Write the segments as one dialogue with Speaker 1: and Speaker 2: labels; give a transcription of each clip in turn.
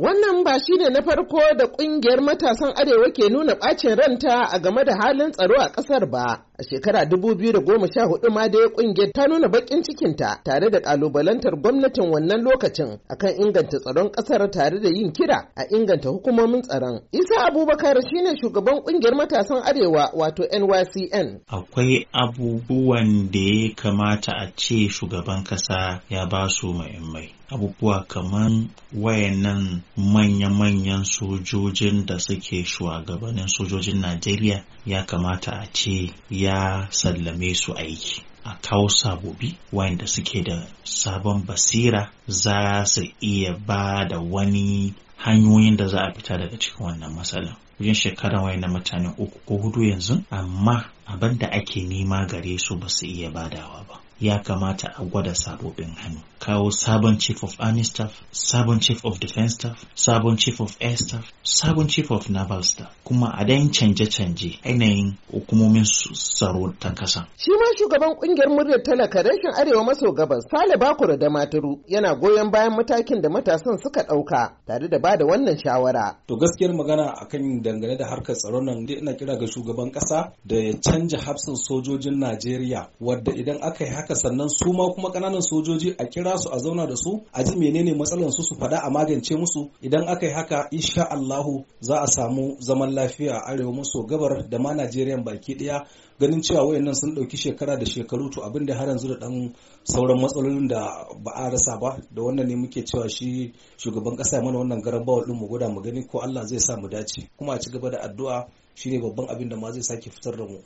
Speaker 1: Wannan ba shi ne na farko da ƙungiyar matasan Arewa ke nuna ɓacin ranta a game da halin tsaro a ƙasar ba. A shekara dubu biyu da goma sha 2014 ma dai kungiyar ta nuna bakin cikinta tare da kalubalantar gwamnatin wannan lokacin akan inganta tsaron kasar tare da yin kira a inganta hukumomin tsaron. Isa Abubakar shine shugaban kungiyar matasan Arewa wato NYCN.
Speaker 2: Akwai abubuwan da ya kamata a ce shugaban kasa ya ba su mai, abubuwa kamar wayannan manya-manyan sojojin da suke shugabannin sojojin Najeriya ya kamata a ce ya ya sallame su aiki a kawo sabobi wayanda suke da sabon basira za su iya ba da wani hanyoyin da za a fita daga cikin wannan matsalar wajen shekara wayan na mutane uku ko hudu yanzu amma abin da ake nema gare su ba su iya badawa ba ya kamata a gwada sabobin hannu kawo sabon chief of army staff sabon chief of defense staff sabon chief of air staff sabon chief of naval staff kuma a dayan canje-canje ainihin hukumomin tsaro ta kasa
Speaker 1: shi ma shugaban kungiyar muryar talaka rashin arewa maso gabas sale bakura da maturu yana goyon bayan matakin da matasan suka ɗauka tare da ba da wannan shawara
Speaker 3: to gaskiyar magana akan dangane da harkar tsaron nan dai ina kira ga shugaban kasa da ya canja hafsan sojojin najeriya wadda idan aka yi haka sannan su ma kuma ƙananan sojoji a kira kira su a zauna da su a ji menene matsalan su su faɗa a magance musu idan aka yi haka insha Allahu za a samu zaman lafiya a arewa maso gabar da ma Najeriya baki ɗaya ganin cewa wayannan sun ɗauki shekara da shekaru to abin da har yanzu da ɗan sauran matsalolin da ba a rasa ba da wannan ne muke cewa shi shugaban ƙasa mana wannan garan bawal ɗin mu gwada mu gani ko Allah zai sa mu dace kuma a ci gaba da addu'a shine babban abin da ma zai sake fitar da mu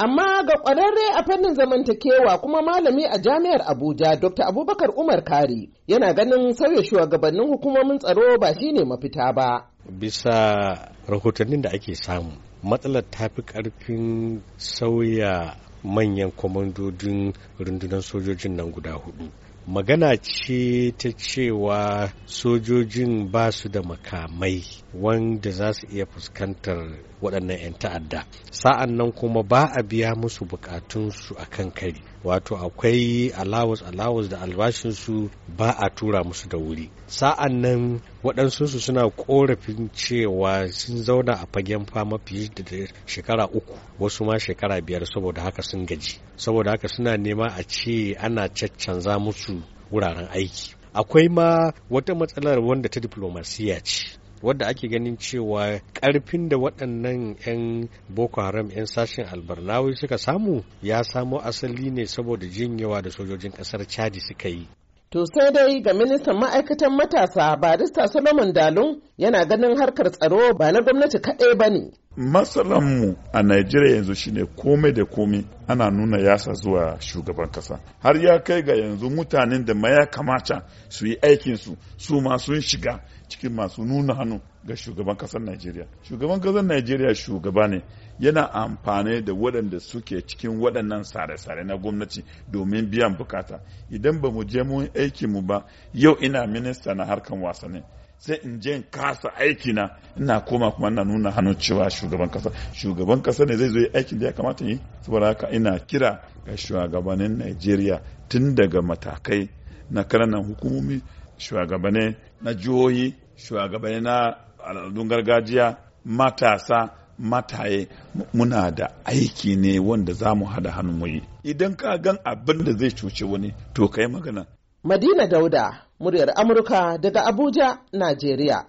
Speaker 1: Amma ga ƙwararre a fannin zamantakewa kuma malami a jami'ar Abuja Dr. Abubakar Umar Kari yana ganin sauya shugabannin hukumomin tsaro ba shine mafita ba.
Speaker 4: Bisa rahotannin da ake samu, matsalar ta fi ƙarfin sauya manyan kwamandodin rundunar sojojin nan guda hudu. magana ce ta cewa sojojin ba su da makamai wanda za su iya fuskantar waɗannan 'yan ta'adda sa'an nan kuma ba a biya musu bukatunsu a kan kari wato akwai allowance allowance da albashinsu ba a tura musu da wuri sa'an nan waɗansunsu suna korafin cewa sun zauna a fagen fama fiye da shekara uku wasu ma shekara biyar saboda haka sun gaji saboda haka suna nema a ce ana caccanza musu wuraren aiki akwai ma wata matsalar wanda ta diplomasiya ce wadda ake ganin cewa karfin da waɗannan 'yan boko haram 'yan sashen albarnawi suka samu ya samo asali ne saboda jinyewa da sojojin ƙasar chadi suka yi
Speaker 1: To sai dai ga ministan ma'aikatan matasa barista Solomon Dalun yana ganin harkar tsaro ba na gwamnati kaɗai ba ne.
Speaker 5: mu a Najeriya yanzu shine komai da komai ana nuna yasa zuwa shugaban kasa. Har ya kai ga yanzu mutanen da ma ya kamata su yi aikinsu su ma sun shiga cikin masu nuna hannu ga shugaban kasar Najeriya. Shugaban kasar Najeriya shugaba ne yana amfani da waɗanda suke cikin waɗannan sare-sare na gwamnati domin biyan bukata. Idan ba mu je mun aiki mu ba, yau ina minista na harkan wasanni. sai in je kasa aiki na ina koma kuma ina nuna hannu cewa shugaban kasa shugaban kasa ne zai zo yi aikin da ya kamata yi saboda haka ina kira ga shugabannin Najeriya tun daga matakai na kananan hukumomi shugabane na jihohi shugabane na al'adun gargajiya matasa mataye muna da aiki ne wanda za mu hada hannu mu idan ka gan abin da zai cuce wani to kai magana
Speaker 1: madina dauda muryar amurka daga abuja najeriya